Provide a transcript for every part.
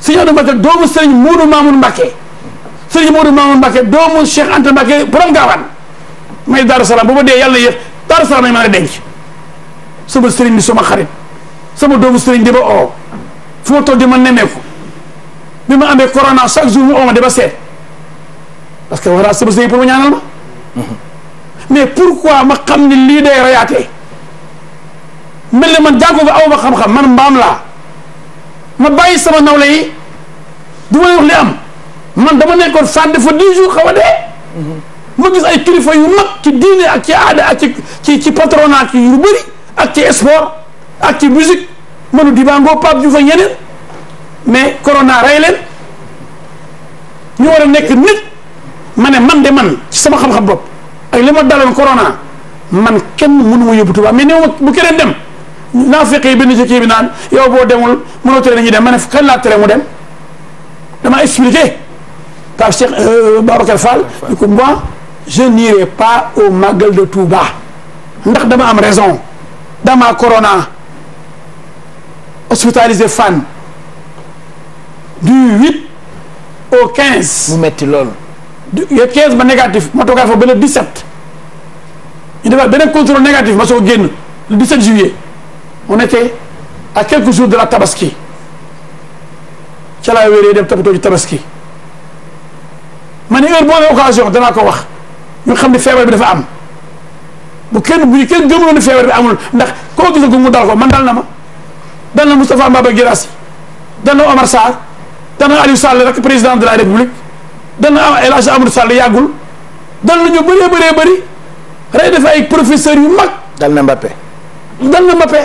sëñ Abdou Mbacké doomu sëriñ Modou Mamoun Mbacké sëriñ Modou Mamoun Mbacké doomu Cheikh Anta Mbacké borom gaawaan may Daaru Salaam bu ma dee yàlla yëf Daaru Salaam may mën a denc sama sëriñ bi sama xarit sama doomu sëriñ di ba oo fu ma toll di ma nemmeeku bi ma amee corona chaque jour mu oo ma di ba seet parce que wara sama sëriñ pour ma ñaanal ma mais pourquoi ma xam ni lii day rayaatee mel ne man jàngoo ba aw ma xam-xam man mbaam laa bàyyi sama nawle yi du may wax li am man dama nekkoon faat dafa dix jours xaw a dee ma gis ay kilifa yu mag ci diine ak ci aada ak ci ci ci patronat yu bëri ak ci sport ak ci musique mënu dibaangoo Pape Diouf fa ñeneen mais corona rey leen ñu war a nekk nit ma ne man de man ci sama xam-xam bopp ak li ma daloon corona man kenn mënu ma yóbbu tubaab mais néew ma mu keneen dem naa fekkee benn jëkkee bi naan yow boo demul mënoo tere nañu dem ma ne kan laa tere mu dem m'a expliqué par euh, Cheikh moi je n'irai pas au Magal de Touba bas dama am raison ma corona hospitalisé fan du 8 au 15. Vous metti du 15 ba négatif ma au fa ba le 17 il devait contrôle négatif ma suis au le 17 juillet on était à quelques jours de la tabaski. ca laa wéeree dem toppatoo ji tabaski ma ne heure boo amee occasion danaa ko wax ñu xam ne feebar bi dafa am bu kenn bu ñu kenn gëmuloon ne feebar bi amul ndax koo gis gu mu dal ko man dal na ma dal na Moustapha Mbaba Guirassy dal na Omar Sarr dal na Aliou Sall rek président de la République dal na El Hadj Amadou Sall yàggul dal na ñu bëree bëree bëri rey dafa ay professeurs yu mag. dal na Mbappé. dal na Mbappé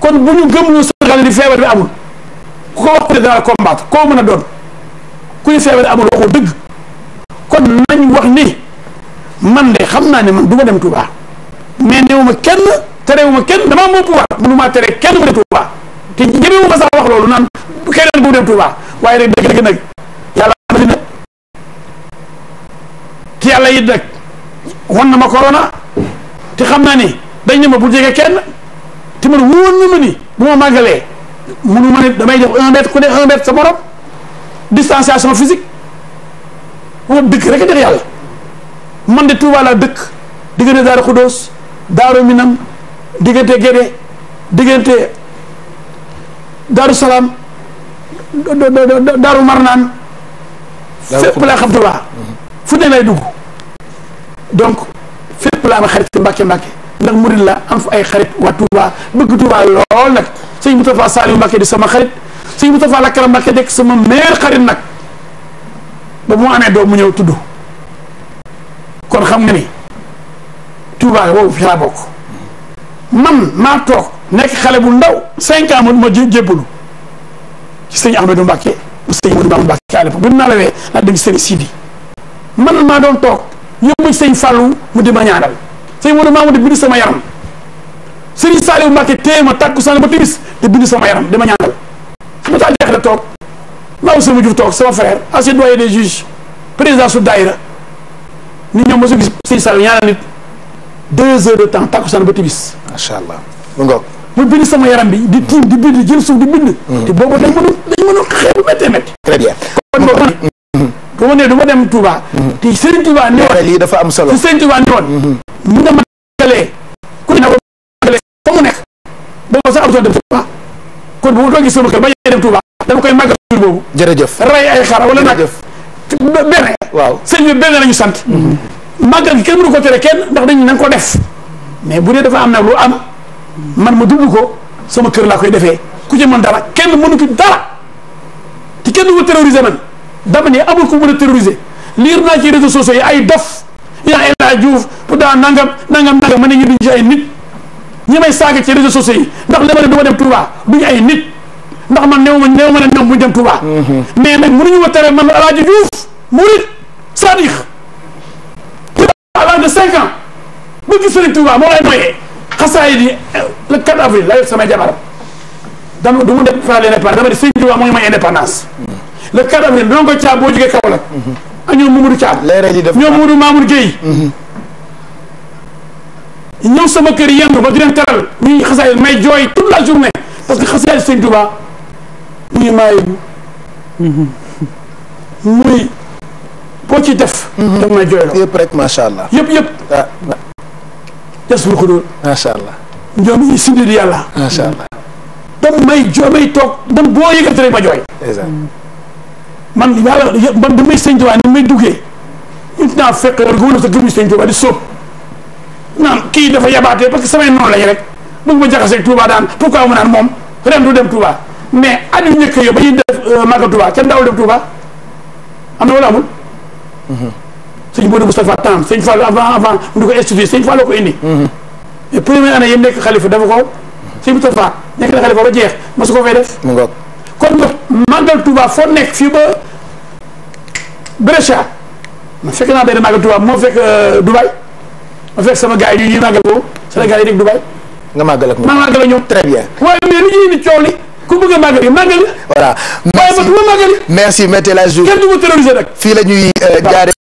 kon bu ñu gëmuloo Sénégal di feebar bi amul. ku ko wax dana la combattre koo mën a doon ku ñu feebare amul waxoo dëgg kon nañ wax ni man de xam naa ne man du ma dem Touba mais newuma kenn terewuma kenn damaa moo pouvoir mënumaa tere kenn mu dem Touba te ñemewu ma sax wax loolu naan keneen bu dem Touba waaye rek dëgg nag yàlla amati na ma corona te xam naa ni dañ ne ma bu jege kenn te man wóor na ma ni bu ma màggalee munu ma damay def 1 mètre ku né 1 mètre sa borom distanciation physique wo dëkk rek dëkk yalla man de Touba la dëkk diggante Daaru Xudoos daru Minam diggante Guédé diggante daru salam daru marnan fepp la xam Touba mhm. fu né lay dugg donc fepp la am xarit ci mbacké mbacké ndax murid la am fa ay xarit wa Touba bëgg Touba lool nak sëñ Moustapha salim Mbacké di sama xarit sëñ Moustapha Lakram Mbacké dek sama meer xarit nak ba mu do, doom mu ñëw tudd kon xam nga ni Touba wo fi laa bok man ma tok nek xale bu ndaw 5 ans mo ma jébbalu ci seigne ahmedou Mbacké bu seigne Ahmadou Bamba Mbacké à l'époque bi mu la dem seigne Sidi man ma don tok yóbbu seigne Fallou mu di ma ñaanal sëñ Modou Mamoudou bind sama yaram Saliou Mbacke téye ma tàkku de ba timis te bind sama yaram dama ñaanal su ma saa jeex rek toog laaw sama juf toog sama frère ancien doyen des juges président su daayira nit ñoom mosu gis sëñ Saliou ñaanal nit deux heures de temps tàkku sànni ba timis macha allah mu ngoog mu bind sama yaram bi di tiim di bind jël suuf di bind te boobu dañ mënu dañ mënu xeex bu méttee métti très bien kon boobu bu ma nee du dem Touba te Serigne Touba ni woon lii dafa am solo Serigne Touba ni woon mu hmm. nga matalee fa mu nekk boobu sax amutoon dem Touba kon bu doon gis sama kër ba yee dem Touba dama koy màggal jur boobu. jërëjëf rey ay xara wala nag. benn waaw sëñ bi benn lañu sant. Mhm. màggal gi kenn mënu ko tere kenn ndax dañu nañ ko def mais bu dee dafa am nag lu am man ma dugg ko sama kër laa koy defee ku ci mën dara kenn mënu ci dara te kenn du ko terroriser man dama ne amul ku mën a terroriser liir naa ci réseaux sociaux yi ay dof yaa El Hadj Diouf pour daa nangam nangam nangam ma ne ñu duñ ci ay nit. ñi may saaga ci réseaux sociaux yi ndax li ma ne du dem Touba duñu ay nit ndax man néew ma néew ma ne ñoom mu dem Touba. mais nag mënuñu ma tere man El Hadj Diouf murit c'est-à-dire à ne de cinq ans bëgg Sëriñ Touba moo lay noyee xasaay di le 4 avril la yor sama jabar dama du mu def fa l'indépendance dama di Sëriñ Touba mooy may indépendance le 4 avril doon ko caab boo jógee Kaolack ak ñoom Mamadou Thiam ñoom Mamadou Mamour Gueye ñëw sama kër yendu ma di leen teral ñuy xasaay may jooy toute la journée parce que xasaay sëñ Tuubaa muy maayibu muy boo ci def mhm. daf may jooy la yëpp rek macha allah yëpp yëpp ah, des bu ko doon macha allah ñoom yàlla macha allah dam may jooy may toog man boo yëkkati rek ma jooy man yàlla man bi may sëñ Tuubaa ni may dugge ñu naa fekk wala sa gëm ñu sëñ Tuubaa di sóob naan kii dafa yabaatee parce que samay noonu lañ rek bëgg ma jaxaseeg Touba daan pourquoi mu naan moom ren du dem Touba mais at yu njëkk yo ba ñuy def euh, màggal Touba kenn daawul dem am na wala amul. Mm-hmm. sëñ Modou Moustapha Tam sëñ Fallou avant avant mu ko institué sëñ Fallou ko indi. mais mm-hmm. première année nekk xalifa dafa ko sëñ Moustapha nekk na xalifa ba jeex ma su ko fay def. mu ngoog kon nag foo nekk fii ba Brescia ma fekk naa benn màggal Touba moo fekk euh, Dubaï. ma fekk sama gars yi ñuy màggal ko Sénégal yi nekk Dubaay. nga màggal ak moom ma màggal ak ñoom. très bien waaye mais li ñuy indi coow li ku bëgg a màggal yi màggal la. voilà merci waaye man du ma màggal yi. merci mettez la jour kenn du ma terroriser nag. fii la ñuy jaaree. Euh,